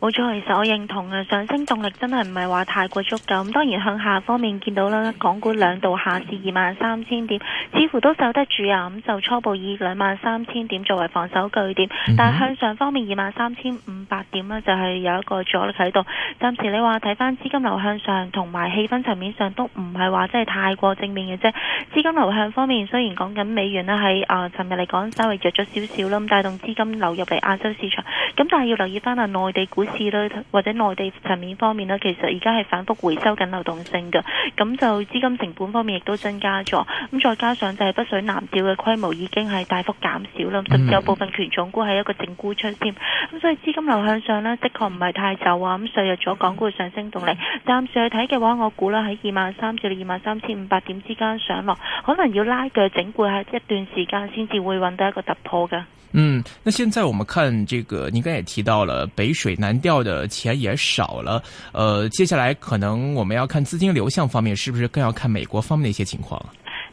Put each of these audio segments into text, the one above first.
冇錯，其實我認同啊，上升動力真係唔係話太過足夠。咁當然向下方面見到啦，港股兩度下至二萬三千點，似乎都守得住啊。咁就初步以兩萬三千點作為防守據點，但係向上方面二萬三千五百點呢，就係有一個阻力喺度。暫時你話睇翻資金流向上同埋氣氛層面上都唔係話真係太過正面嘅啫。資金流向方面雖然講緊美元呢，喺啊，尋日嚟講稍微弱咗少少啦，咁帶動資金流入嚟亞洲市場。咁但係要留意翻啊，內地股。或者內地層面方面呢，其實而家係反復回收緊流動性嘅，咁就資金成本方面亦都增加咗。咁再加上就係北水南調嘅規模已經係大幅減少啦，甚至有部分權重股係一個淨沽出添。咁、嗯、所以資金流向上呢，的確唔係太就啊，咁削弱咗港股嘅上升動力。嗯、暫時去睇嘅話，我估啦喺二萬三至到二萬三千五百點之間上落，可能要拉鋸整固下一段時間，先至會搵到一個突破㗎。嗯，那現在我們看這個，你剛才也提到了北水南。掉的錢也少了，呃，接下來可能我們要看資金流向方面，是不是更要看美國方面的一些情況？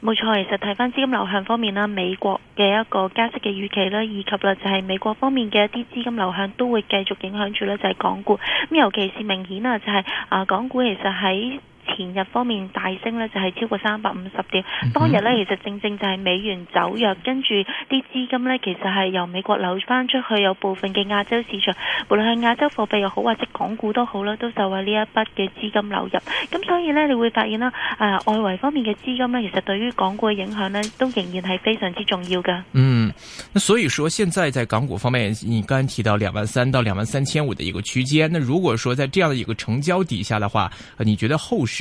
冇錯，其實睇翻資金流向方面啦，美國嘅一個加息嘅預期啦，以及啦就係美國方面嘅一啲資金流向都會繼續影響住咧，就係港股咁，尤其是明顯啊，就係啊港股其實喺。前日方面大升呢，就係超過三百五十點。當日呢，其實正正就係美元走弱，跟住啲資金呢，其實係由美國流翻出去，有部分嘅亞洲市場，無論係亞洲貨幣又好，或者港股都好啦，都受啊呢一筆嘅資金流入。咁所以呢，你會發現啦，誒、呃，外圍方面嘅資金呢，其實對於港股嘅影響呢，都仍然係非常之重要噶。嗯，那所以說，現在在港股方面，你剛提到兩萬三到兩萬三千五嘅一個區間，那如果說在這樣嘅一個成交底下嘅話，你覺得後市？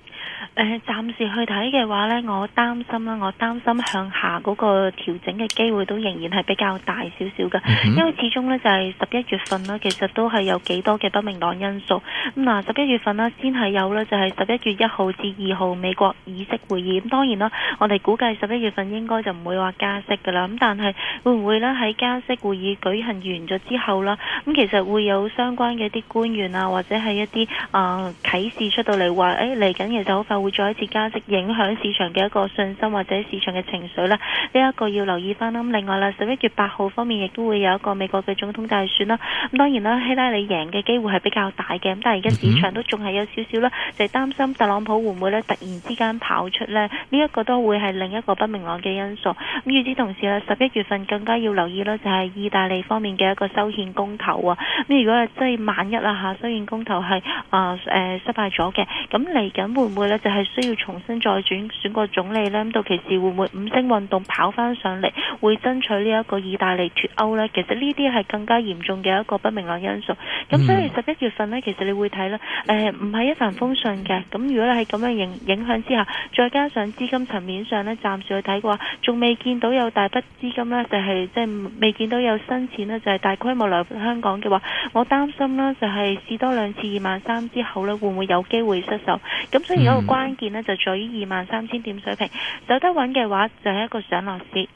誒暫時去睇嘅話呢，我擔心啦，我擔心向下嗰個調整嘅機會都仍然係比較大少少嘅，嗯、哼因為始終呢就係十一月份呢，其實都係有幾多嘅不明朗因素。咁嗱，十一月份呢先係有呢，就係十一月一號至二號美國議息會議。咁當然啦，我哋估計十一月份應該就唔會話加息㗎啦。咁但係會唔會呢？喺加息會議舉行完咗之後啦，咁其實會有相關嘅一啲官員啊，或者係一啲啊、呃、啟示出到嚟話，誒嚟緊其實好快會。再一次加息，影響市場嘅一個信心或者市場嘅情緒啦。呢一個要留意翻啦。咁另外啦，十一月八號方面亦都會有一個美國嘅總統大選啦。咁當然啦，希拉里贏嘅機會係比較大嘅。咁但係而家市場都仲係有少少啦，就係擔心特朗普會唔會咧突然之間跑出咧？呢一個都會係另一個不明朗嘅因素。咁與此同時啦，十一月份更加要留意啦，就係意大利方面嘅一個修憲公投啊。咁如果係即係萬一啦吓修憲公投係啊誒失敗咗嘅，咁嚟緊會唔會咧就？係需要重新再轉選，選個總理，呢到期時會唔會五星運動跑翻上嚟，會爭取呢一個意大利脫歐呢？其實呢啲係更加嚴重嘅一個不明朗因素。咁所以十一月份呢，其實你會睇啦，誒唔係一帆風順嘅。咁如果你係咁樣影影響之下，再加上資金層面上呢，暫時去睇嘅話，仲未見到有大筆資金呢，就係即係未見到有新錢呢，就係大規模嚟香港嘅話，我擔心啦，就係試多兩次二萬三之後呢，會唔會有機會失手？咁所以有個關關鍵呢，就在於二萬三千點水平，走得穩嘅話，就係一個上落市，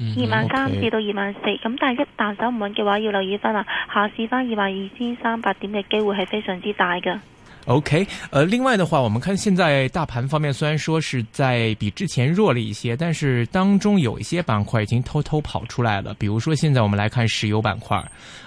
二萬三至到二萬四。咁但係一旦走唔穩嘅話，要留意翻啦。下試翻二萬二千三百點嘅機會係非常之大㗎。OK，另外嘅話，我們看現在大盤方面，雖然說是在比之前弱了一些，但是當中有一些板塊已經偷偷跑出來了，比如說現在我們來看石油板塊。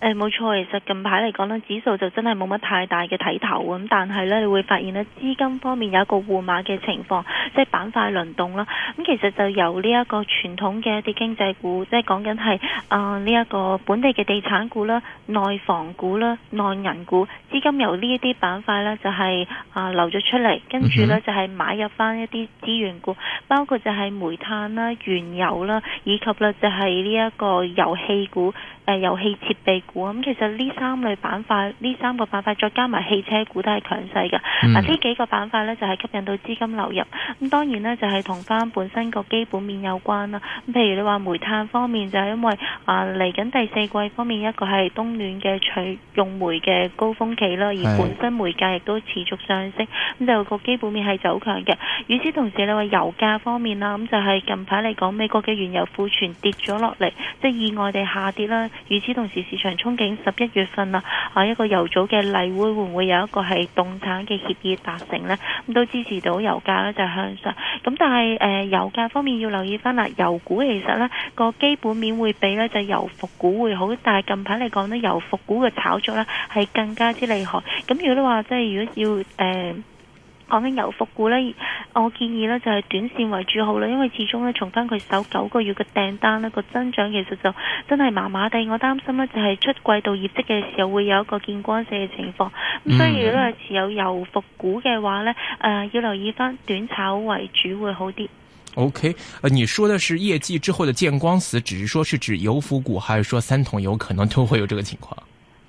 誒，冇錯，其實近排嚟講咧，指數就真係冇乜太大嘅睇頭咁，但係呢，你會發現咧，資金方面有一個換馬嘅情況，即係板塊輪動啦。咁其實就由呢一個傳統嘅一啲經濟股，即係講緊係啊呢一個本地嘅地產股啦、內房股啦、內銀股，資金由呢一啲板塊呢就係啊流咗出嚟，跟住呢，就係買入翻一啲資源股，包括就係煤炭啦、原油啦，以及呢就係呢一個遊戲股、誒遊戲設備。股咁其實呢三類板塊，呢三個板塊再加埋汽車股都係強勢嘅。嗱、嗯，呢幾個板塊呢，就係、是、吸引到資金流入。咁當然呢就係同翻本身個基本面有關啦。咁譬如你話煤炭方面就係因為啊嚟緊第四季方面一個係冬暖嘅採用煤嘅高峰期啦，而本身煤價亦都持續上升，咁是就個基本面係走強嘅。與此同時你話油價方面啦，咁就係、是、近排嚟講美國嘅原油庫存跌咗落嚟，即、就、係、是、意外地下跌啦。與此同時市場。憧憬十一月份啦、啊，啊一個油組嘅例會會唔會有一個係動產嘅協議達成呢？咁都支持到油價咧就向上。咁但係誒、呃、油價方面要留意返啦，油股其實咧、嗰個基本面會比咧就油服股會好，但係近排嚟講咧油服股嘅炒作咧係更加之厲害。咁如果你話即係如果要誒。呃講緊油服股呢，我建議呢就係短線為主好啦，因為始終呢，從翻佢首九個月嘅訂單呢個增長其實就真係麻麻地，我擔心呢，就係出季度業績嘅時候會有一個見光死嘅情況。咁，嗯，所以咧如果係持有油服股嘅話呢，誒，呃，要留意翻短炒為主會好啲。OK，呃，你說的是業績之後嘅見光死，只是說是指油服股，還是說三桶油可能都會有這個情況？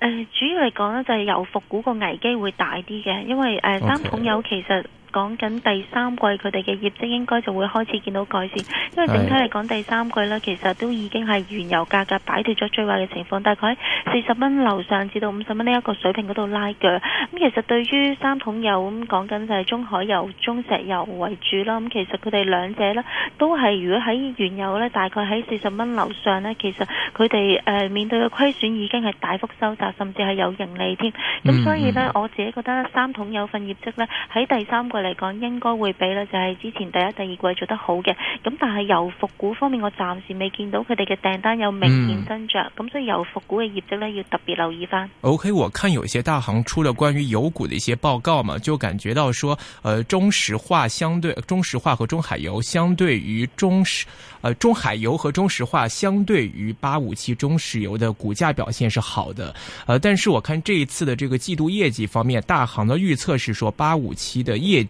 誒、呃，主要嚟講咧就係油股嗰個危機會大啲嘅，因為誒，三桶油其實。Okay. 講緊第三季佢哋嘅業績應該就會開始見到改善，因為整體嚟講第三季呢其實都已經係原油價格擺脫咗最壞嘅情況，大概喺四十蚊樓上至到五十蚊呢一個水平嗰度拉腳。咁其實對於三桶油咁講緊就係中海油、中石油為主啦。咁其實佢哋兩者呢都係如果喺原油呢，大概喺四十蚊樓上呢，其實佢哋誒面對嘅虧損已經係大幅收窄，甚至係有盈利添。咁、嗯、所以呢，我自己覺得三桶油份業績呢，喺第三季。嚟講應該會比呢，就係、是、之前第一、第二季做得好嘅。咁但係油服股方面，我暫時未見到佢哋嘅訂單有明顯增長。咁、嗯、所以油服股嘅業績呢，要特別留意翻。O、okay, K，我看有些大行出了關於油股的一些報告嘛，就感覺到說，呃，中石化相對中石化和中海油相對於中石，呃，中海油和中石化相對於八五七中石油的股價表現是好的。呃，但是我看這一次的這個季度業績方面，大行的預測是說八五七的業績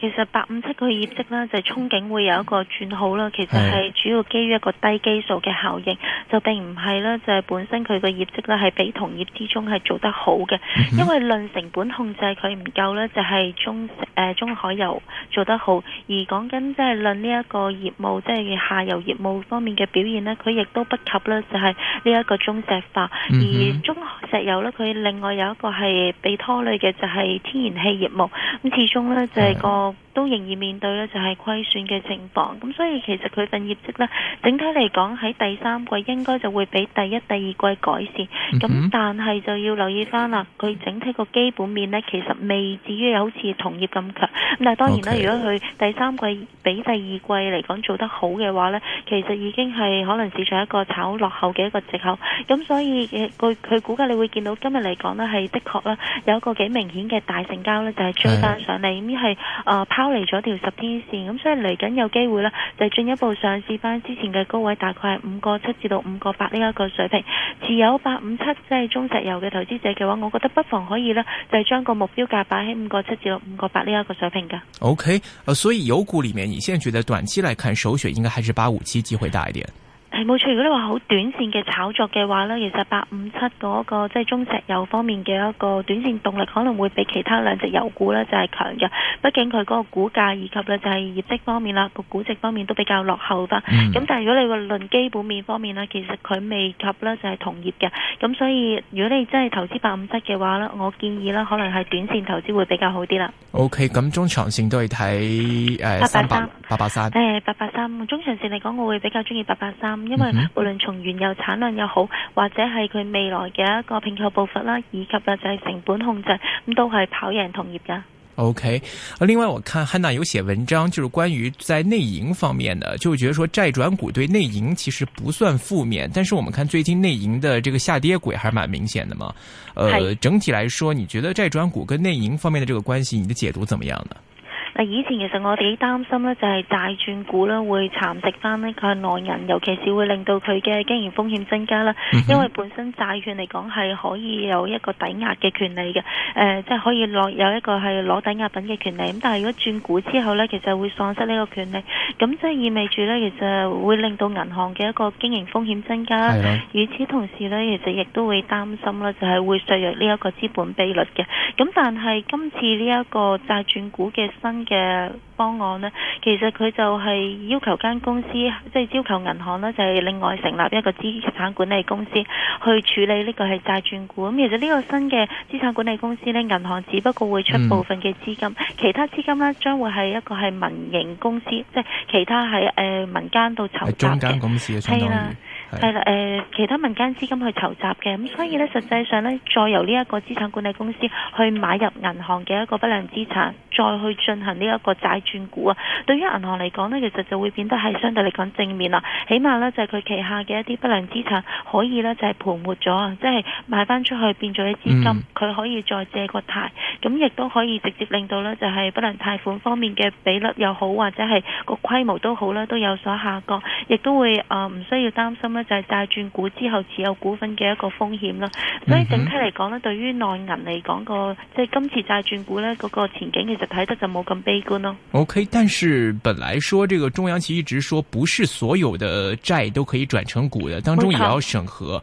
其實八五七佢業績呢，就是、憧憬會有一個轉好啦，其實係主要基於一個低基數嘅效應，就並唔係呢，就係、是、本身佢個業績呢，係比同業之中係做得好嘅，嗯、哼因為論成本控制佢唔夠呢，就係、是、中誒、呃、中海油做得好，而講緊即係論呢一個業務即係、就是、下游業務方面嘅表現呢，佢亦都不及呢，就係呢一個中石化，嗯、哼而中石油呢，佢另外有一個係被拖累嘅就係、是、天然氣業務，咁始終呢，就係、是、個。嗯都仍然面對咧，就係虧損嘅情況。咁所以其實佢份業績呢，整體嚟講喺第三季應該就會比第一、第二季改善。咁、嗯、哼但係就要留意翻啦，佢整體個基本面呢，其實未至於好似同業咁強。咁但係當然啦，Okay. 如果佢第三季比第二季嚟講做得好嘅話呢，其實已經係可能市場一個炒落後嘅一個藉口。咁所以誒，佢佢估計你會見到今日嚟講呢，係的確啦，有一個幾明顯嘅大成交呢，就係、是、追返上嚟，咁係是拋離咗條十天線，咁所以嚟緊有機會啦，就進一步嘗試返之前嘅高位，大概係五個七至到五個八呢一個水平。持有八五七即係中石油嘅投資者嘅話，我覺得不妨可以咧，就將個目標價擺喺五個七至到五個八呢一個水平噶。OK，所以油股裏面，你現在覺得短期來看，首選應該還是八五七機會大一點。嗯係冇錯，如果你話好短線嘅炒作嘅話咧，其實八五七嗰個即係、就是、中石油方面嘅一個短線動力可能會比其他兩隻油股咧就係強嘅。畢竟佢嗰個股價以及咧就係業績方面啦，個估值方面都比較落後啦。咁、嗯、但係如果你話論基本面方面咧，其實佢未及咧就係同業嘅。咁所以如果你真係投資八五七嘅話咧，我建議啦可能係短線投資會比較好啲啦。OK，咁中長線都係睇誒八八三八八三誒八八三。中長線嚟講，我會比較中意八八三。因為無論從原油產量又好，或者係佢未來嘅一個併購步伐啦，以及就係成本控制，咁都係跑贏同業㗎。O、okay, K，另外我看 Hannah 有寫文章，就是關於在內營方面的，就覺得說債轉股對內營其實不算負面，但是我們看最近內營的這個下跌軌，還是蠻明顯的嘛。呃，是整體來說，你覺得債轉股跟內營方面的這個關係，你的解讀怎麼樣呢？但以前其實我幾擔心呢，就係債轉股會蠶食翻呢個內銀，尤其是會令到佢嘅經營風險增加啦。因為本身債券嚟講係可以有一個抵押嘅權利嘅，誒即係可以攞有一個係攞抵押品嘅權利。咁但係如果轉股之後呢，其實會喪失呢個權利，咁即係意味住呢，其實會令到銀行嘅一個經營風險增加。係啦。與此同時呢，其實亦都會擔心咧，就係會削弱呢一個資本比率嘅。咁但係今次呢一個債轉股嘅新嘅方案呢，其實佢就係要求間公司，即係要求銀行呢，就係、是、另外成立一個資產管理公司去處理呢個係債轉股。咁其實呢個新嘅資產管理公司呢，銀行只不過會出部分嘅資金，嗯、其他資金呢，將會係一個係民營公司，即係其他喺誒、呃、民間度籌集嘅。係啦。係啦，誒、呃，其他民間資金去籌集嘅，咁所以咧，實際上咧，再由呢一個資產管理公司去買入銀行嘅一個不良資產，再去進行呢一個債轉股啊，對於銀行嚟講咧，其實就會變得係相對嚟講正面啦，起碼咧就係、是、佢旗下嘅一啲不良資產可以咧就係盤活咗啊，即係賣翻出去變咗啲資金，佢、mm. 可以再借個貸，咁亦都可以直接令到咧就係不良貸款方面嘅比率又好，或者係個規模都好咧都有所下降，亦都會啊唔、呃、需要擔心。就係債轉股之後持有股份嘅一個風險啦，所以整體嚟講呢，對於內銀嚟講個，即係今次債轉股呢個前景其實睇得就冇咁悲觀咯。OK，但是本來說，這個中央企一直說，不是所有的債都可以轉成股的，當中也要審核。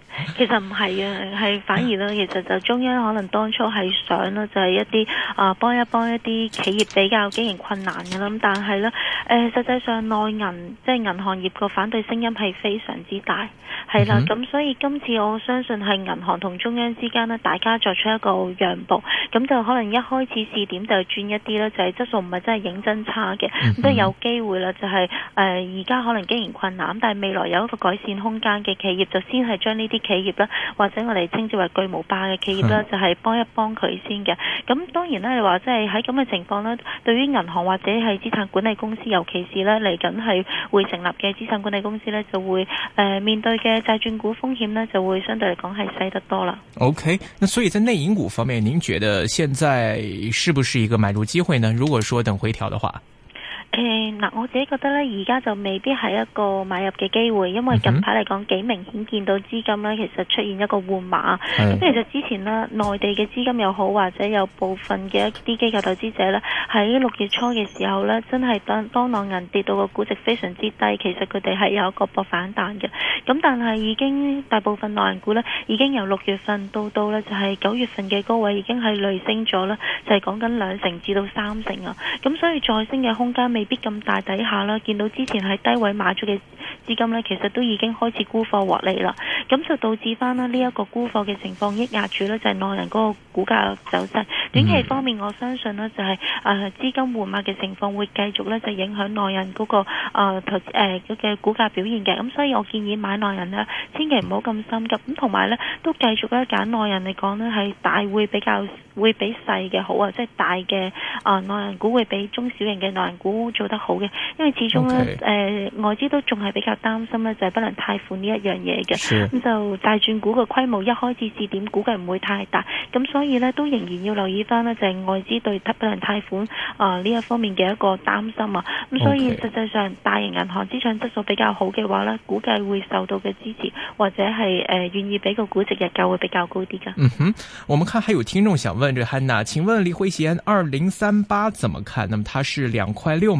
其實唔係啊，係反而呢。其實就中央可能當初係想呢，就係、是、一啲啊幫一幫一啲企業比較經營困難嘅啦。但係呢，誒實際上內銀即係銀行業個反對聲音係非常之大，係啦。咁、嗯、哼所以今次我相信係銀行同中央之間呢，大家作出一個讓步，咁就可能一開始試點就轉一啲啦，就係、是、質素唔係真係認真差嘅，都、嗯、哼有機會啦。就係誒而家可能經營困難，但係未來有一個改善空間嘅企業，就先係將呢啲企業啦，或者我哋稱之為巨無霸嘅企業啦，就係幫一幫佢先嘅。咁當然啦，你話即係喺咁嘅情況呢，對於銀行或者係資產管理公司，尤其是呢嚟緊係會成立嘅資產管理公司呢就會誒面對嘅債轉股風險呢就會相對嚟講係細得多了。OK，所以在內銀股方面，您覺得現在是不是一個買入機會呢？如果說等回調的話？誒，嗱、呃，我自己覺得咧，而家就未必係一個買入嘅機會，因為近排嚟講幾明顯見到資金咧，其實出現一個換馬。咁的其實之前呢，內地嘅資金又好，或者有部分嘅一啲機構投資者咧，喺六月初嘅時候咧，真係當當內銀跌到個估值非常之低，其實佢哋係有一個博反彈嘅。咁但係已經大部分內銀股咧，已經由六月份到到咧，就係、是、九月份嘅高位已經係累升咗啦，就係講緊兩成至到三成啊。咁所以再升嘅空間未。未必咁大底下啦，見到之前喺低位買咗嘅資金呢，其實都已經開始沽貨獲利啦，咁就導致翻啦呢一個沽貨嘅情況，抑壓住呢就係內銀嗰個股價走勢。短期方面，我相信呢就係、是、誒資金換馬嘅情況會繼續呢，就影響內銀嗰個誒投誒嘅股價表現嘅。咁所以我建議買內銀萬不要麼心急還有呢，千祈唔好咁深嘅，咁同埋呢都繼續咧揀內銀嚟講呢係大會比較會比細嘅好啊，即、就、係、是、大嘅誒內銀股會比中小型嘅內銀股。做得好嘅，因為始終呢，誒 Okay.、呃、外資都仲係比較擔心呢，就係、是、不能貸款呢一樣嘢嘅。咁是、嗯、就大轉股嘅規模一開始試點，估計唔會太大。咁所以呢，都仍然要留意翻呢，就係、是、外資對不能貸款啊呢一方面嘅一個擔心啊。咁、嗯、所以實際上，大型銀行資產質素比較好嘅話呢，估計會受到嘅支持，或者係誒願意俾個估值日價會比較高啲嘅。嗯哼，我們看，還有聽眾想問，n Hannah，ana，請問李惠嫻，二零三八怎麼看？那麼它是兩塊六。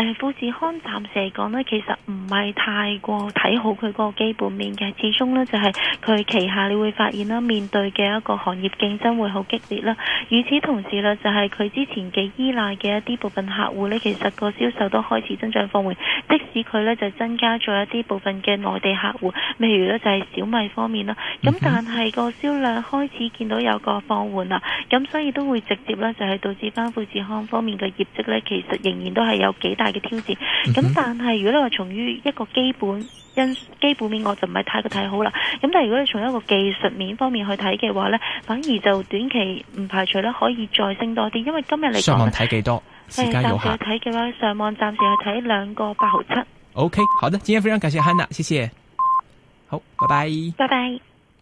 嗯，富士康暫時嚟講呢，其實唔係太過睇好佢個基本面嘅，始終呢就係佢旗下，你會發現啦，面對嘅一個行業競爭會好激烈啦。與此同時呢，就係佢之前幾依賴嘅一啲部分客戶呢，其實個銷售都開始增長放緩，即使佢呢就增加咗一啲部分嘅內地客戶，譬如呢就係小米方面啦。咁但係個銷量開始見到有個放緩啦，咁所以都會直接呢就係導致翻富士康方面嘅業績呢，其實仍然都係有幾大。嘅挑戰，咁、嗯、但係如果你話從於一個基本因基本面，我就唔係太過睇好啦。咁但係如果你從一個技術面方面去睇嘅話呢，反而就短期唔排除咧可以再升多啲。因為今日嚟上網睇幾多？時間有限，睇嘅話上網暫時去睇兩個八毫七。OK，好的，今天非常感謝 Hannah，謝謝，好，拜拜，拜拜。